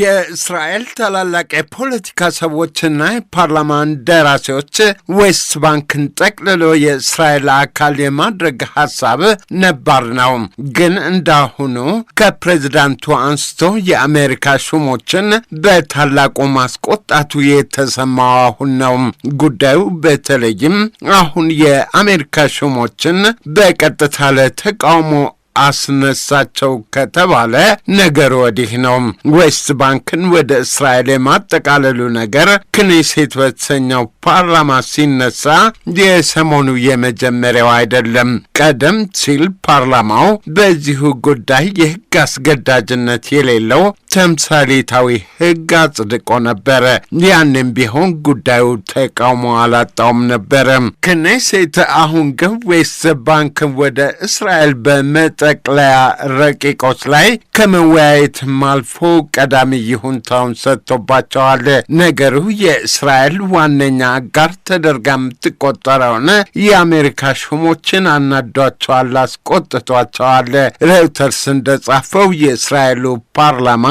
የእስራኤል ታላላቅ የፖለቲካ ሰዎችና የፓርላማ ደራሲዎች ዌስት ባንክን ጠቅልሎ የእስራኤል አካል የማድረግ ሀሳብ ነባር ነው። ግን እንዳሁኑ ከፕሬዚዳንቱ አንስቶ የአሜሪካ ሹሞችን በታላቁ ማስቆጣቱ የተሰማው አሁን ነው። ጉዳዩ በተለይም አሁን የአሜሪካ ሹሞችን በቀጥታ ለተቃውሞ አስነሳቸው ከተባለ ነገር ወዲህ ነው። ዌስት ባንክን ወደ እስራኤል የማጠቃለሉ ነገር ክኔሴት በተሰኘው ፓርላማ ሲነሳ የሰሞኑ የመጀመሪያው አይደለም። ቀደም ሲል ፓርላማው በዚሁ ጉዳይ የሕግ አስገዳጅነት የሌለው ተምሳሌታዊ ሕግ አጽድቆ ነበረ። ያንም ቢሆን ጉዳዩ ተቃውሞ አላጣውም ነበረ። ክኔሴት አሁን ግን ዌስት ባንክን ወደ እስራኤል በመጠቅለያ ረቂቆች ላይ ከመወያየትም አልፎ ቀዳሚ ይሁንታውን ሰጥቶባቸዋል። ነገሩ የእስራኤል ዋነኛ አጋር ተደርጋ የምትቆጠረውን የአሜሪካ ሹሞችን አናዷቸዋል፣ አስቆጥቷቸዋል። ሬውተርስ እንደጻፈው የእስራኤሉ ፓርላማ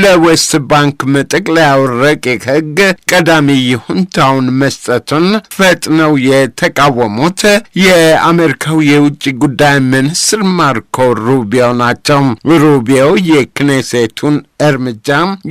ለዌስት ባንክ መጠቅለያው ረቂቅ ሕግ ቀዳሚ ይሁንታውን መስጠቱን ፈጥነው የተቃወሙት የአሜሪካው የውጭ ጉዳይ ሚኒስትር ማርኮ ሩቢዮ ናቸው። ሩቢዮ የክኔሴቱን እርምጃ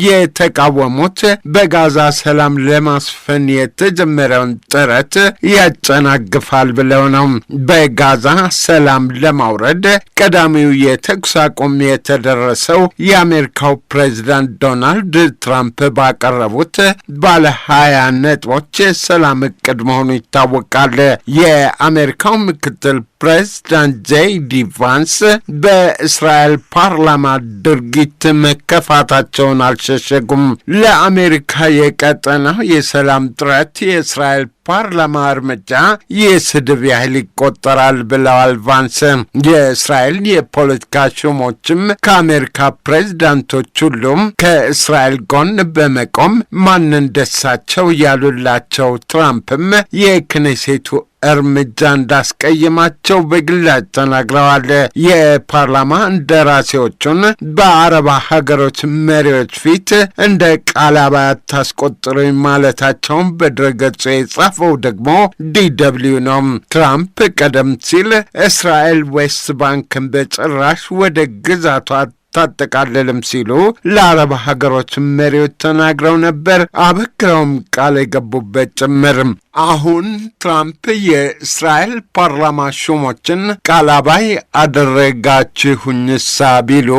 የተቃወሙት በጋዛ ሰላም ለማስፈን የተጀመረውን ጥረት ያጨናግፋል ብለው ነው። በጋዛ ሰላም ለማውረድ ቀዳሚው የተኩስ አቁም የተደረሰው የአሜሪካው ፕሬ ፕሬዚዳንት ዶናልድ ትራምፕ ባቀረቡት ባለ ሀያ ነጥቦች ሰላም እቅድ መሆኑ ይታወቃል። የአሜሪካው ምክትል ፕሬዝዳንት ጄዲ ቫንስ በእስራኤል ፓርላማ ድርጊት መከፋታቸውን አልሸሸጉም። ለአሜሪካ የቀጠናው የሰላም ጥረት የእስራኤል ፓርላማ እርምጃ የስድብ ያህል ይቆጠራል ብለዋል ቫንስ። የእስራኤል የፖለቲካ ሹሞችም ከአሜሪካ ፕሬዝዳንቶች ሁሉም ከእስራኤል ጎን በመቆም ማንን ደሳቸው ያሉላቸው። ትራምፕም የክኔሴቱ እርምጃ እንዳስቀይማቸው በግላጭ ተናግረዋል። የፓርላማ እንደራሴዎቹን በአረባ ሀገሮች መሪዎች ፊት እንደ ቃል አባያት ታስቆጥሩኝ ማለታቸውን በድረገጹ የጻፈው ደግሞ ዲደብልዩ ነው። ትራምፕ ቀደም ሲል እስራኤል ዌስት ባንክን በጭራሽ ወደ ግዛቷ ታጠቃልልም ሲሉ ለአረብ ሀገሮች መሪዎች ተናግረው ነበር። አበክረውም ቃል የገቡበት ጭምር አሁን ትራምፕ የእስራኤል ፓርላማ ሹሞችን ቃላባይ አደረጋችሁኝሳ ቢሉ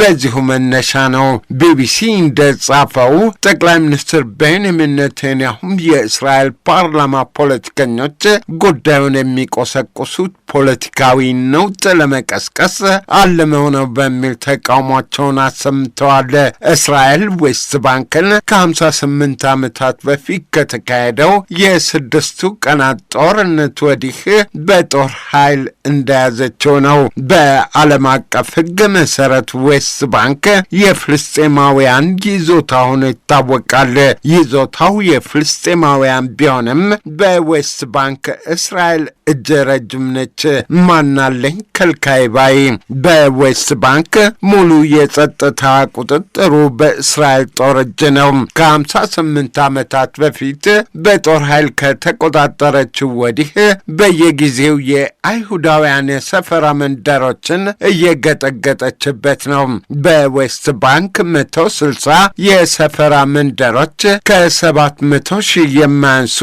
በዚሁ መነሻ ነው። ቢቢሲ እንደጻፈው ጠቅላይ ሚኒስትር ቤንያሚን ኔታንያሁም የእስራኤል ፓርላማ ፖለቲከኞች ጉዳዩን የሚቆሰቁሱት ፖለቲካዊ ነውጥ ለመቀስቀስ አልመው ነው በሚል ተቃውሟቸውን አሰምተዋል። እስራኤል ዌስት ባንክን ከ58 ዓመታት በፊት ከተካሄደው የስ ከስድስቱ ቀናት ጦርነት ወዲህ በጦር ኃይል እንደያዘችው ነው። በዓለም አቀፍ ሕግ መሰረት ዌስት ባንክ የፍልስጤማውያን ይዞታ ሆኖ ይታወቃል። ይዞታው የፍልስጤማውያን ቢሆንም በዌስት ባንክ እስራኤል እጅ ረጅም ነች። ማናለኝ ከልካይ ባይ በዌስት ባንክ ሙሉ የጸጥታ ቁጥጥሩ በእስራኤል ጦር እጅ ነው። ከ58 ዓመታት በፊት በጦር ኃይል ከ ከተቆጣጠረችው ወዲህ በየጊዜው የአይሁዳውያን የሰፈራ መንደሮችን እየገጠገጠችበት ነው። በዌስት ባንክ 160 የሰፈራ መንደሮች ከሰባት 700 ሺህ የማያንሱ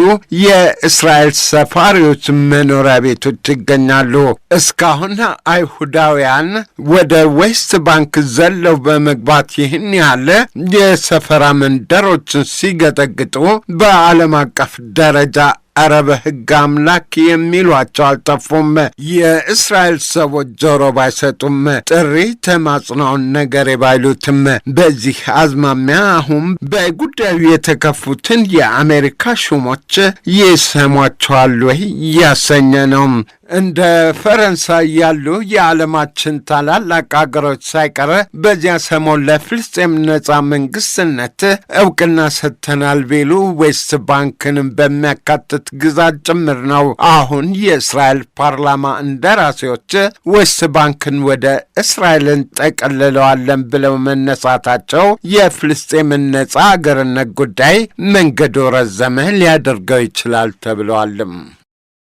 የእስራኤል ሰፋሪዎች መኖሪያ ቤቶች ይገኛሉ። እስካሁን አይሁዳውያን ወደ ዌስት ባንክ ዘለው በመግባት ይህን ያለ የሰፈራ መንደሮችን ሲገጠግጡ በዓለም አቀፍ ደረጃ አረ በሕግ አምላክ የሚሏቸው አልጠፉም። የእስራኤል ሰዎች ጆሮ ባይሰጡም፣ ጥሪ ተማጽናውን ነገር ባይሉትም በዚህ አዝማሚያ አሁን በጉዳዩ የተከፉትን የአሜሪካ ሹሞች ይሰሟቸዋል ወይ ያሰኘ ነው። እንደ ፈረንሳይ ያሉ የዓለማችን ታላላቅ አገሮች ሳይቀረ በዚያ ሰሞን ለፍልስጤም ነጻ መንግስትነት እውቅና ሰጥተናል ቢሉ ዌስት ባንክን በሚያካትት ግዛት ጭምር ነው። አሁን የእስራኤል ፓርላማ እንደራሴዎች ዌስት ባንክን ወደ እስራኤልን ጠቀልለዋለን ብለው መነሳታቸው የፍልስጤምን ነፃ አገርነት ጉዳይ መንገዱ ረዘመ ሊያደርገው ይችላል ተብለዋልም።